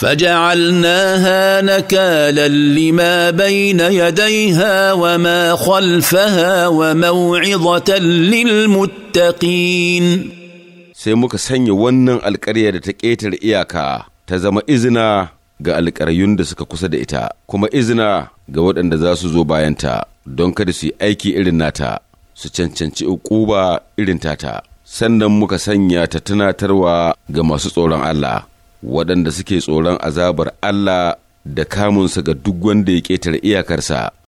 فجعلناها نكالا لما بين يديها وما خلفها وموعظة للمتقين sai muka sanya wannan alƙarya da ta ƙetare iyaka ta zama izina ga alƙaryun da suka kusa da ita kuma izina ga waɗanda za su zo bayanta don kada su yi aiki irin nata su cancanci ƙuba irin tata sannan muka sanya ta tunatarwa ga masu tsoron Allah waɗanda suke tsoron azabar Allah da kamunsa ga duk wanda ya ƙetare iyakarsa.